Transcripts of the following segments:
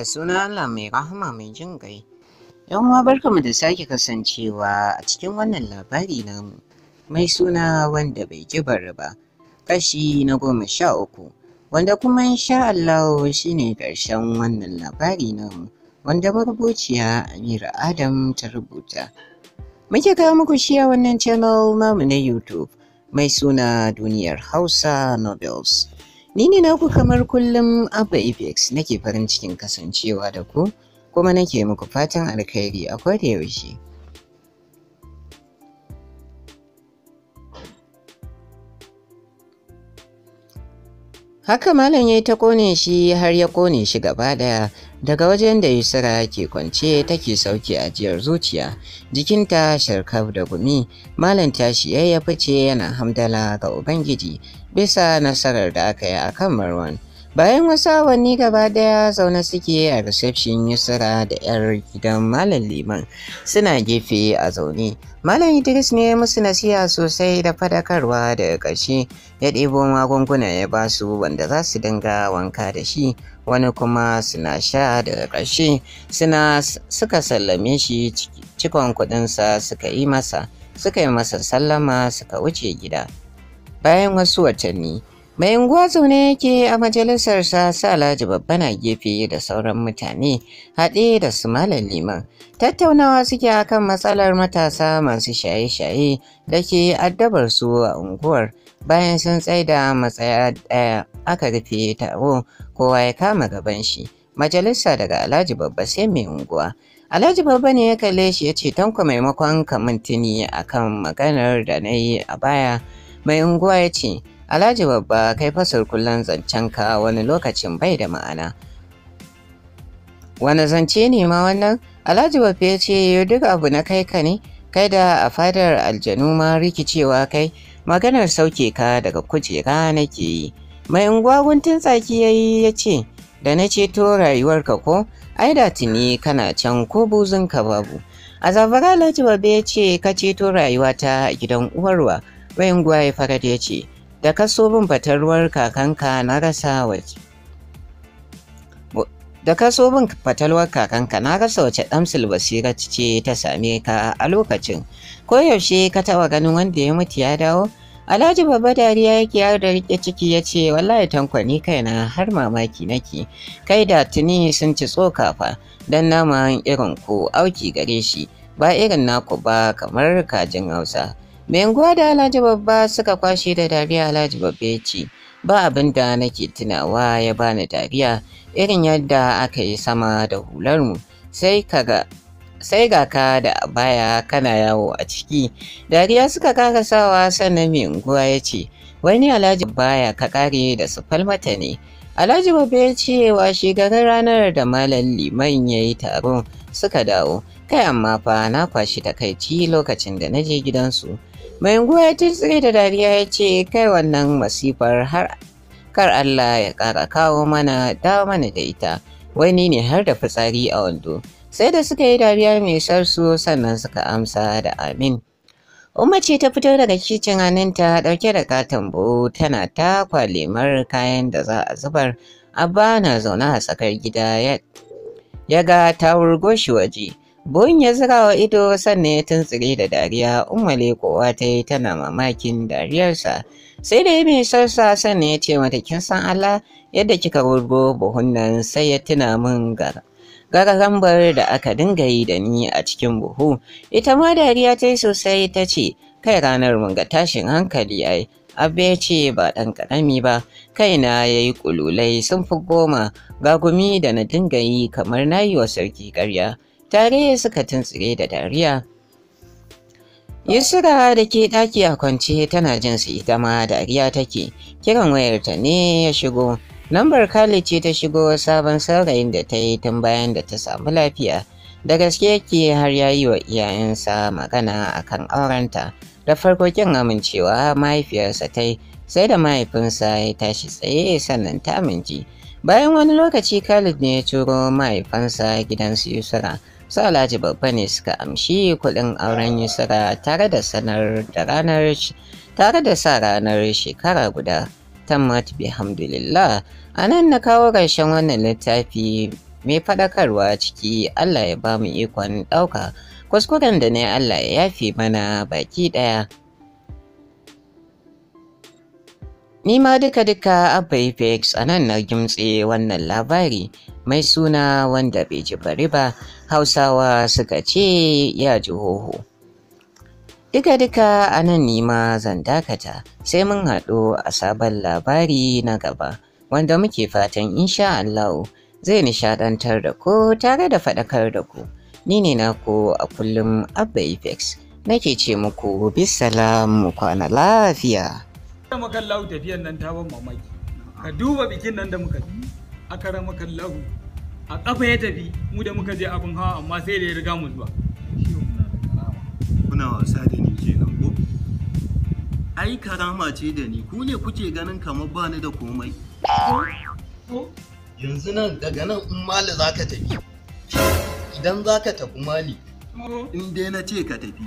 da suna Allah mai rahama mai jin gai. Yan uwa barkamu da sake kasancewa a cikin wannan labari na mai suna wanda bai ji bari ba kashi na goma sha uku wanda kuma sha Allah shine ƙarshen wannan labari namu wanda marubuciya Amira Adam ta rubuta. Muke kawo muku shi a wannan channel namu na YouTube mai suna Duniyar Hausa Nobels. Ni ne naku kamar kullum Abba Apex nake farin cikin kasancewa da ku kuma nake muku fatan alkhairi a koda yaushe. Haka malam ya yi ta kone shi har ya kone shi gaba daya daga wajen da Yusra ke kwance take sauke ajiyar zuciya jikinta sharkaf da gumi malam tashi yayyafi fice yana hamdala ga Ubangiji bisa nasarar da aka yi akan Marwan. bayan wasu awanni gaba daya zaune suke a reception yusra da yar gidan malam liman suna gefe a zaune malam idris ne musu nasiha sosai da fadakarwa daga ƙarshe ya ɗebo magunguna ya ba su wanda za su dinga wanka da shi wani kuma suna sha daga ƙarshe suka sallame shi cikon kuɗinsa suka yi masa suka yi masa sallama suka wuce gida bayan wasu watanni mai unguwa zaune yake a majalisarsa sa alhaji babba na gefe da sauran mutane haɗe da su malam liman tattaunawa suke akan matsalar matasa masu shaye-shaye da ke addabar su a unguwar bayan sun tsaida matsaya ɗaya aka rufe taro kowa ya kama gaban shi majalisa daga alhaji babba sai mai unguwa Alhaji Babba ne ya kalle shi ya ce tanko maimakon ka tuni akan maganar da na yi a baya mai unguwa ya ce Alhaji babba kai fasar kullum zancen ka wani lokacin bai da ma'ana. Wani zance ne ma wannan? Alhaji babba ya ce duk abu na kai ka ne, kai da a fadar aljanu ma rikicewa kai, maganar sauke ka daga kujera nake yi. Mai guntun tsaki ya yi ya ce, da na ceto rayuwarka ko, ai da tuni kana can ko buzun ka babu. A zabara Alhaji babba ya ce ka ceto rayuwata a gidan uwarwa, bayan gwaye farad ya ce, da ka bin fatarwar kakanka na rasa waje da ka bin fatalwar kakanka na rasa wace damsul basira ce ta same ka a lokacin koyaushe ka taɓa ganin wanda ya mutu ya dawo alhaji babba dariya yake har da rike ciki ya ce wallahi tankwani kaina har mamaki nake kai da tuni sun ci tsoka fa don naman irin ku auki gare shi ba irin naku ba kamar kajin hausa unguwa da Alhaji Babba suka kwashe da dariya Alhaji Babba ya ce, ba abin da nake tunawa ya bani dariya irin yadda aka yi sama da hularmu sai kaga sai ga ka da baya kana yawo a ciki dariya suka kara sawa sannan mai unguwa ya ce wani alhaji baya ka kare da su falmata ne alhaji babba ya ce wa shigarar ranar da malam liman ya yi taro suka dawo kai amma fa na kwashi takaici lokacin da na je gidansu mai unguwa ya tsaye da dariya ya ce kai wannan masifar har kar Allah ya kara kawo mana dawo mana da ita wani ne har da fitsari a wando sai da suka yi dariya mai sarsu sannan suka amsa da amin Umma ce ta fito daga kicin hannunta ɗauke da katon buhu tana ta kwalemar kayan da za a zubar abba na zaune a tsakar gida ya ga ta wurgo shi waje buhun ya zira wa ido sannan ya tuntsire da dariya umale kowa ta yi tana mamakin dariyarsa. Sai da ya mai sarsa sannan ya ce mata kin san Allah yadda kika rubo buhun nan sai ya tuna min gara. Gararambar da aka dinga yi da ni a cikin buhu, ita ma dariya ta yi sosai ta ce, kai ranar mun ga tashin hankali abu ya ce ba ɗan ƙarami ba, kaina ya yi ƙululai sun fi goma, gagumi da na dinga yi kamar na yi wa sarki ƙarya. tare suka tuntsire da dariya Yusra da ke ɗaki a kwance tana jin su ita ma dariya take kiran wayarta ne ya shigo lambar Khalid ce ta shigo sabon saurayin da ta yi tun bayan da ta samu lafiya da gaske yake har ya yi wa iyayensa magana a kan aurenta da farko kin amincewa mahaifiyarsa ta yi sai da mahaifinsa ya tashi tsaye sannan ta amince bayan wani lokaci Khalid ne ya turo mahaifansa gidansu Yusra su alhaji babba ne suka amshi kuɗin auren yusra tare da sanar da ranar tare da sa ranar shekara guda tammat bihamdulillah a nan na kawo ƙarshen wannan littafi mai faɗakarwa ciki allah ya ba mu ikon ɗauka kuskuren da ne allah ya yafe mana baki ɗaya nima duka-duka Abba Apex a nan na gimtse wannan labari mai suna wanda bai ji bari ba hausawa suka ce ya ji hoho duka-duka a nan nima zan dakata sai mun haɗu a sabon labari na gaba wanda muke fatan insha Allah zai nishadantar da ku tare da faɗakar da ku ni ne na ku a kullum abba nake ce muku bisalam kwana lafiya. Muka lau tafiyan nan ta ban mamaki. Ka duba bikin nan da muka yi. A akaramaka Allah a ƙafa ya tafi mu da muka je abin hawa amma sai da ya riga mu zuwa kuna wasa da ni ke nan ko ai karama ce da ni ku ne kuke ganin kamar ba ni da komai yanzu nan daga nan in mali za ka tafi idan za ka tafi mali in dai na ce ka tafi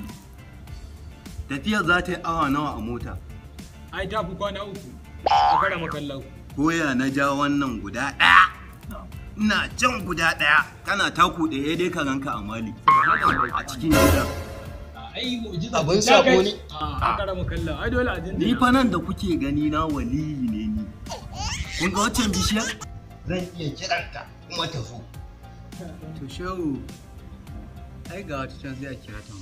tafiyar za ta yi awa nawa a mota ai ta fi kwana uku a kara makallau koya na ja wannan guda ɗaya ina jan guda ɗaya kana taku ɗaya dai ka ganka a mali a cikin gidan abin sabo ne ah, ni fa nan da kuke gani na waliyi ne ni kun ga waccan bishiya zan iya kiranta kuma ta zo to shehu ai ga wata can sai a kira ta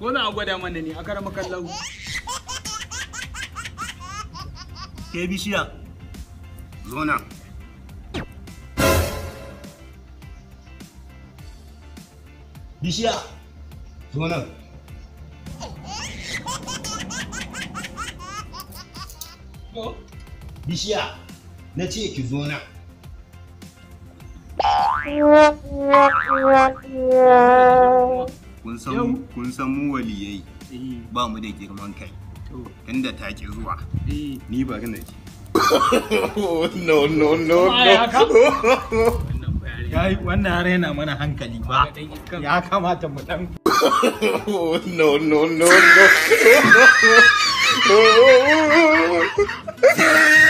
ko na gwada mana ne a karama kallon ke bishiya zo nan bishiya zo nan bishiya na ce ki zo nan kun san mu waliyai eh. ba mu da girman kai inda ta ki zuwa eh. ni ba gana ki no no no no yayi wannan har yana mana hankali ba ya kamata mu dan no no no no